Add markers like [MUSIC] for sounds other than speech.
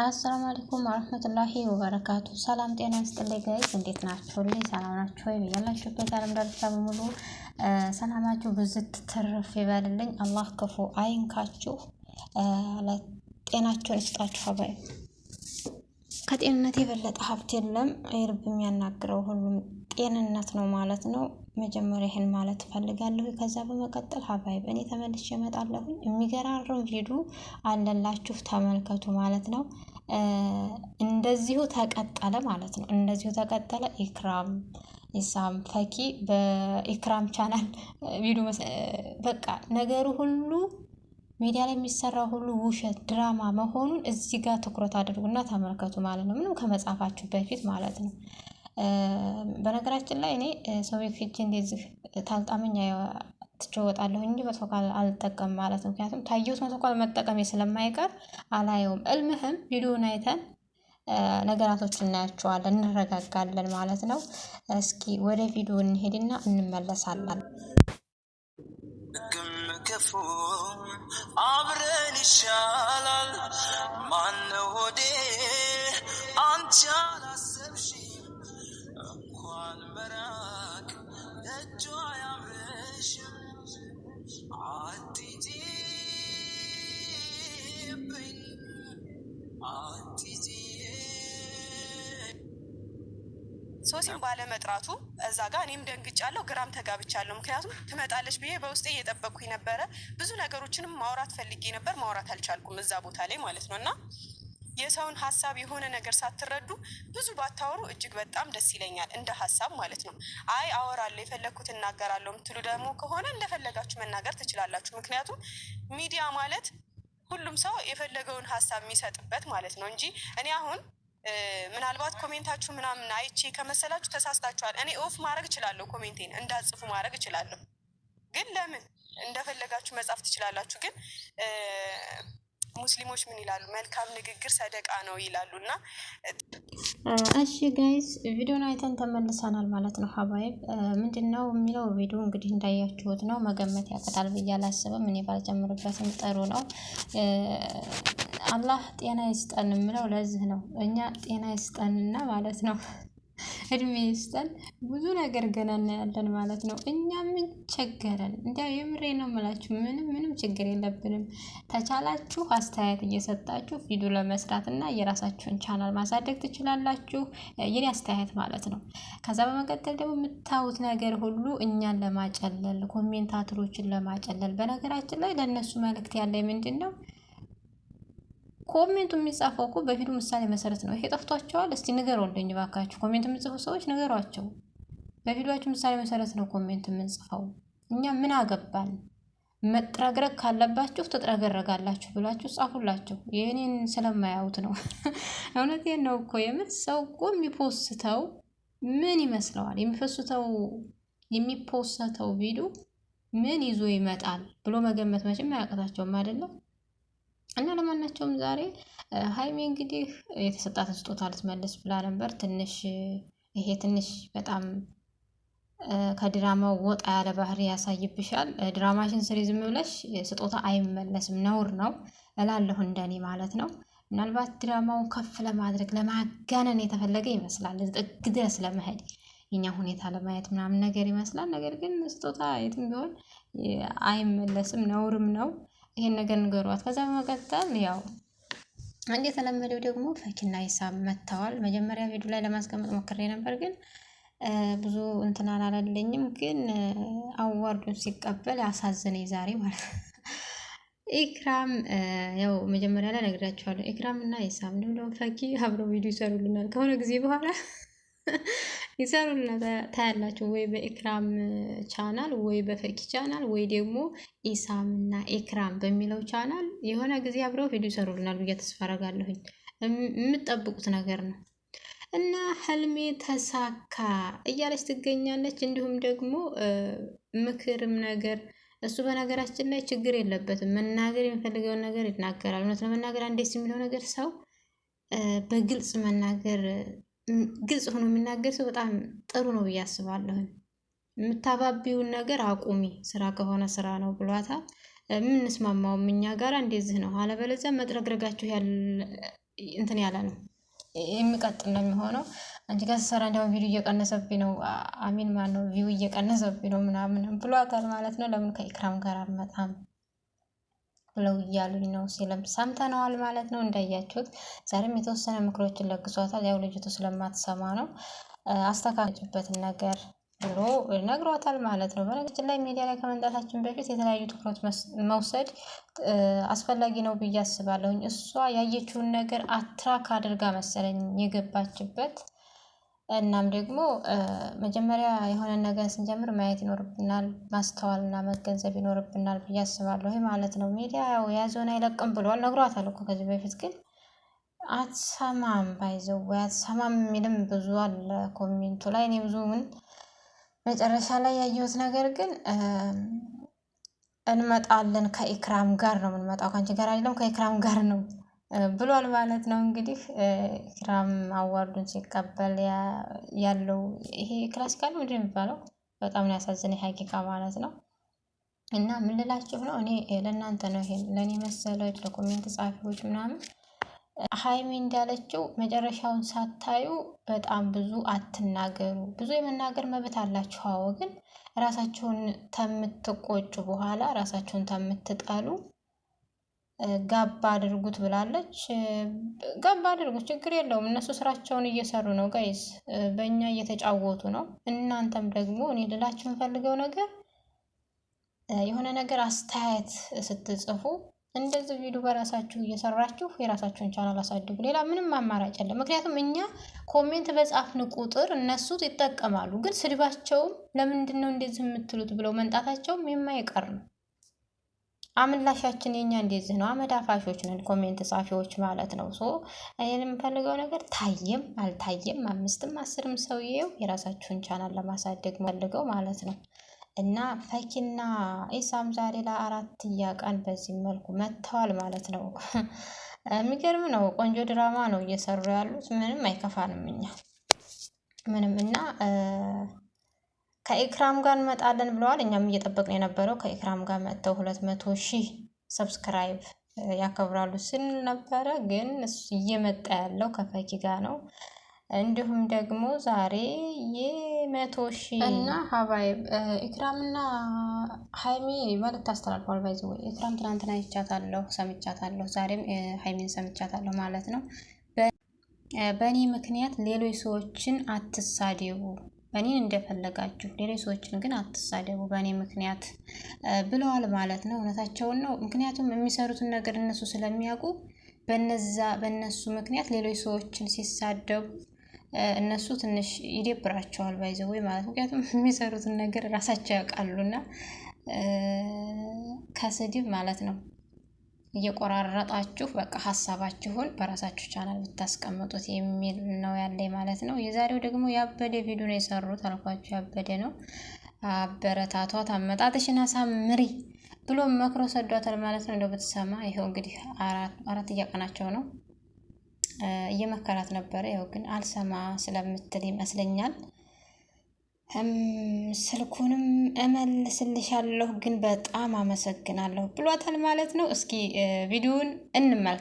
አሰላሙ አለይኩም ወረህመቱላሂ ወበረካቱ። ሰላም ጤና ይስጥልኝ ጋይዝ፣ እንዴት ናችሁልኝ? ሰላም ናችሁ ወይ? ያላችሁበት የዓለም ዳርቻ በሙሉ ሰላማችሁ ብዝት ትርፍ ይበልልኝ። አላህ ክፉ አይንካችሁ፣ ጤናችሁን ይስጣችሁ። አባይ ከጤንነት የበለጠ ሀብት የለም። የልብ የሚያናግረው ሁሉም ጤንነት ነው ማለት ነው። መጀመሪያ ይህን ማለት ፈልጋለሁ ከዛ በመቀጠል ሀባይብ እኔ ተመልሼ እመጣለሁ። የሚገራርም ቪዲዮ አለላችሁ ተመልከቱ ማለት ነው። እንደዚሁ ተቀጠለ ማለት ነው። እንደዚሁ ተቀጠለ። ኢክራም ኢሳም ፈኪ በኢክራም ቻናል ቪዲዮ በቃ ነገሩ ሁሉ ሚዲያ ላይ የሚሰራ ሁሉ ውሸት ድራማ መሆኑን እዚህ ጋር ትኩረት አድርጉና ተመልከቱ ማለት ነው። ምንም ከመጻፋችሁ በፊት ማለት ነው። በነገራችን ላይ እኔ ሰው ቤት ሄጄ እንደዚህ ታልጣመኛ ትቼው እወጣለሁ እንጂ መተኮል አልጠቀም ማለት ነው። ምክንያቱም ካየሁት መተኮል መጠቀሜ ስለማይቀር አላየውም። እልምህም ቪዲዮን አይተን ነገራቶችን እናያቸዋለን እንረጋጋለን ማለት ነው። እስኪ ወደ ቪዲዮ እንሄድና እንመለሳለን። ክፉ አብረን ይሻላል ማነው ሆዴ አንቺ አላሰብሽም ሞገሴን ባለመጥራቱ እዛ ጋር እኔም ደንግጫለሁ፣ ግራም ተጋብቻለሁ። ምክንያቱም ትመጣለች ብዬ በውስጤ እየጠበቅኩኝ ነበረ። ብዙ ነገሮችንም ማውራት ፈልጌ ነበር፣ ማውራት አልቻልኩም እዛ ቦታ ላይ ማለት ነው እና የሰውን ሀሳብ የሆነ ነገር ሳትረዱ ብዙ ባታወሩ እጅግ በጣም ደስ ይለኛል፣ እንደ ሀሳብ ማለት ነው። አይ አወራለሁ፣ የፈለግኩት እናገራለሁ የምትሉ ደግሞ ከሆነ እንደፈለጋችሁ መናገር ትችላላችሁ። ምክንያቱም ሚዲያ ማለት ሁሉም ሰው የፈለገውን ሀሳብ የሚሰጥበት ማለት ነው እንጂ እኔ አሁን ምናልባት ኮሜንታችሁ ምናምን አይቼ ከመሰላችሁ ተሳስታችኋል። እኔ ኦፍ ማድረግ እችላለሁ፣ ኮሜንቴን እንዳጽፉ ማድረግ እችላለሁ። ግን ለምን እንደፈለጋችሁ መጻፍ ትችላላችሁ። ግን ሙስሊሞች ምን ይላሉ? መልካም ንግግር ሰደቃ ነው ይላሉ። እና እሺ ጋይስ ቪዲዮን አይተን ተመልሰናል ማለት ነው። ሀባይብ ምንድን ነው የሚለው ቪዲዮ እንግዲህ እንዳያችሁት ነው። መገመት ያቀጣል ብዬ አላስብም። እኔ ባልጀምርበትም ጥሩ ነው። አላህ ጤና ይስጠን የምለው ለዚህ ነው። እኛ ጤና ይስጠንና ማለት ነው እድሜ ይስጠን። ብዙ ነገር ገና እናያለን ማለት ነው። እኛ ምን ቸገረን? እንዲያው የምሬ ነው የምላችሁ፣ ምንም ምንም ችግር የለብንም። ተቻላችሁ አስተያየት እየሰጣችሁ ቪዲዮ ለመስራት እና የራሳችሁን ቻናል ማሳደግ ትችላላችሁ። የኔ አስተያየት ማለት ነው። ከዛ በመቀጠል ደግሞ የምታዩት ነገር ሁሉ እኛን ለማጨለል፣ ኮሜንታተሮችን ለማጨለል። በነገራችን ላይ ለእነሱ መልእክት ያለ ምንድን ነው ኮሜንቱ የሚጻፈው እኮ በፊልም ምሳሌ መሰረት ነው። ይሄ ጠፍቷቸዋል። እስቲ ንገሩልኝ እባካችሁ፣ ኮሜንት የምጽፉ ሰዎች ንገሯቸው። በፊልማችሁ ምሳሌ መሰረት ነው ኮሜንት የምንጽፈው። እኛ ምን አገባል? መጥረግረግ ካለባችሁ ትጥረገረጋላችሁ ብላችሁ ጻፉላቸው። የእኔን ስለማያዩት ነው። [LAUGHS] እውነቴን ነው እኮ የምር ሰው እኮ የሚፖስተው ምን ይመስለዋል? የሚፈሱተው የሚፖሰተው ቪዲዮ ምን ይዞ ይመጣል ብሎ መገመት መቼም አያቅታቸውም አይደለም። እና ለማናቸውም ዛሬ ሀይሚ እንግዲህ የተሰጣትን ስጦታ ልትመልስ ብላ ነበር። ትንሽ ይሄ ትንሽ በጣም ከድራማው ወጣ ያለ ባህሪ ያሳይብሻል። ድራማሽን ስሪ ዝም ብለሽ ስጦታ አይመለስም፣ ነውር ነው እላለሁ እንደኔ ማለት ነው። ምናልባት ድራማውን ከፍ ለማድረግ ለማጋነን የተፈለገ ይመስላል፣ ጥግ ድረስ ለመሄድ የኛ ሁኔታ ለማየት ምናምን ነገር ይመስላል። ነገር ግን ስጦታ የትም ቢሆን አይመለስም፣ ነውርም ነው። ይሄን ነገር ንገሯት። ከዛ በመቀጠል ያው አንድ የተለመደው ደግሞ ፈኪና ሂሳም መጥተዋል። መጀመሪያ ቪዲዮ ላይ ለማስቀመጥ ሞክሬ ነበር ግን ብዙ እንትን አላለኝም። ግን አዋርዱን ሲቀበል አሳዘነኝ ዛሬ ማለት ነው። ኢክራም ያው መጀመሪያ ላይ ነግራቸዋለሁ። ኢክራም እና ሂሳም እንዲሁም ደግሞ ፈኪ አብረው ቪዲዮ ይሰሩልናል ከሆነ ጊዜ በኋላ ይሰሩና ታያላችሁ። ወይ በኢክራም ቻናል ወይ በፈኪ ቻናል ወይ ደግሞ ኢሳም እና ኤክራም በሚለው ቻናል የሆነ ጊዜ አብረው ቪዲዮ ይሰሩልናል ብዬ ተስፋ የምጠብቁት ነገር ነው እና ህልሜ ተሳካ እያለች ትገኛለች። እንዲሁም ደግሞ ምክርም ነገር እሱ በነገራችን ላይ ችግር የለበትም። መናገር የሚፈልገውን ነገር ይናገራል። እውነት ለመናገር አንዴስ የሚለው ነገር ሰው በግልጽ መናገር ግልጽ ሆኖ የሚናገር ሰው በጣም ጥሩ ነው ብዬ አስባለሁኝ። የምታባቢውን ነገር አቁሚ፣ ስራ ከሆነ ስራ ነው ብሏታል። የምንስማማውም እኛ ጋር እንደዚህ ነው፣ አለበለዚያ መጥረግረጋችሁ እንትን ያለ ነው የሚቀጥል ነው የሚሆነው። አንቺ ጋር ስሰራ እንዲያውም ቪዲዮ እየቀነሰብኝ ነው፣ አሚን ማን ነው ቪው እየቀነሰብኝ ነው ምናምን ብሏታል ማለት ነው። ለምን ከኢክራም ጋር አልመጣም? ብለው እያሉኝ ነው ሲልም ሰምተነዋል ማለት ነው። እንዳያችሁት ዛሬም የተወሰነ ምክሮችን ለግሷታል። ያው ልጅቱ ስለማትሰማ ነው አስተካክጭበትን ነገር ብሎ ነግሯታል ማለት ነው። በነገራችን ላይ ሚዲያ ላይ ከመምጣታችን በፊት የተለያዩ ትኩረት መውሰድ አስፈላጊ ነው ብዬ አስባለሁኝ። እሷ ያየችውን ነገር አትራክ አድርጋ መሰለኝ የገባችበት እናም ደግሞ መጀመሪያ የሆነ ነገር ስንጀምር ማየት ይኖርብናል ማስተዋልና መገንዘብ ይኖርብናል ብዬ አስባለሁ። ማለት ነው ሚዲያ ያው የያዘውን አይለቅም ብሏል ነግሯታል እኮ ከዚህ በፊት ግን አትሰማም ባይዘው ወይ አትሰማም የሚልም ብዙ አለ ኮሜንቱ ላይ እኔ ብዙ ምን መጨረሻ ላይ ያየሁት ነገር ግን እንመጣለን ከኢክራም ጋር ነው የምንመጣው ከአንቺ ጋር አይደለም ከኢክራም ጋር ነው ብሏል ማለት ነው። እንግዲህ ኢክራም አዋርዱን ሲቀበል ያለው ይሄ ክላሲካል ምንድን የሚባለው? በጣም ነው ያሳዝን ሀቂቃ ማለት ነው። እና ምን ልላችሁ ነው እኔ ለእናንተ ነው ይሄ ለእኔ መሰለች ለኮሜንት ጻፊዎች ምናምን ሀይሚ እንዳለችው መጨረሻውን ሳታዩ በጣም ብዙ አትናገሩ። ብዙ የመናገር መብት አላችሁ። አዎ ግን ራሳችሁን ከምትቆጩ በኋላ ራሳችሁን ከምትጠሉ ጋባ አድርጉት ብላለች። ጋባ አድርጉት ችግር የለውም። እነሱ ስራቸውን እየሰሩ ነው ጋይዝ፣ በእኛ እየተጫወቱ ነው። እናንተም ደግሞ እኔ ልላችሁ የምፈልገው ነገር የሆነ ነገር አስተያየት ስትጽፉ እንደዚህ ቪዲዮ በራሳችሁ እየሰራችሁ የራሳችሁን ቻናል አሳድጉ። ሌላ ምንም አማራጭ የለም። ምክንያቱም እኛ ኮሜንት በጻፍን ቁጥር እነሱ ይጠቀማሉ። ግን ስድባቸውም ለምንድን ነው እንደዚህ የምትሉት ብለው መንጣታቸውም የማይቀር ነው። አምላሻችን የኛ እንደዚህ ነው። አመዳፋሾች ነን ኮሜንት ጻፊዎች ማለት ነው። ሶ ይህን የምፈልገው ነገር ታየም አልታየም አምስትም አስርም ሰውዬው የራሳችሁን ቻናል ለማሳደግ ፈልገው ማለት ነው። እና ፈኪና ኢሳም ዛሬ ለአራት እያቃን በዚህ መልኩ መጥተዋል ማለት ነው። የሚገርም ነው። ቆንጆ ድራማ ነው እየሰሩ ያሉት። ምንም አይከፋንም እኛ ምንም እና ከኢክራም ጋር እንመጣለን ብለዋል። እኛም እየጠበቅን የነበረው ከኢክራም ጋር መጥተው ሁለት መቶ ሺህ ሰብስክራይብ ያከብራሉ ስንል ነበረ። ግን እሱ እየመጣ ያለው ከፈኪ ጋር ነው። እንዲሁም ደግሞ ዛሬ የመቶ ሺህ እና ሀባይ ኢክራም ኢክራምና ሀይሚ መልዕክት አስተላልፏል። ባይዘ ወይ ኢክራም ትናንትና ይቻታለሁ ሰምቻታለሁ፣ ዛሬም ሀይሚን ሰምቻታለሁ ማለት ነው። በእኔ ምክንያት ሌሎች ሰዎችን አትሳደቡ እኔን እንደፈለጋችሁ ሌሎች ሰዎችን ግን አትሳደቡ በእኔ ምክንያት ብለዋል ማለት ነው። እውነታቸውን ነው። ምክንያቱም የሚሰሩትን ነገር እነሱ ስለሚያውቁ በነዛ በእነሱ ምክንያት ሌሎች ሰዎችን ሲሳደቡ እነሱ ትንሽ ይደብራቸዋል። ባይዘ ወይ ማለት ምክንያቱም [LAUGHS] የሚሰሩትን ነገር ራሳቸው ያውቃሉና ከስድብ ማለት ነው እየቆራረጣችሁ በቃ ሀሳባችሁን በራሳችሁ ቻናል ብታስቀምጡት የሚል ነው ያለኝ ማለት ነው። የዛሬው ደግሞ ያበደ ቪዲዮ ነው የሰሩት አልኳችሁ። ያበደ ነው አበረታቷት፣ አመጣጥሽን አሳምሪ ብሎ መክሮ ሰዷታል ማለት ነው። እንደ ብትሰማ ይኸው እንግዲህ አራት እያቀናቸው ነው እየመከራት ነበረ። ይኸው ግን አልሰማ ስለምትል ይመስለኛል ስልኩንም እመልስልሻለሁ ግን በጣም አመሰግናለሁ ብሏታል ማለት ነው። እስኪ ቪዲዮውን እንመልከት።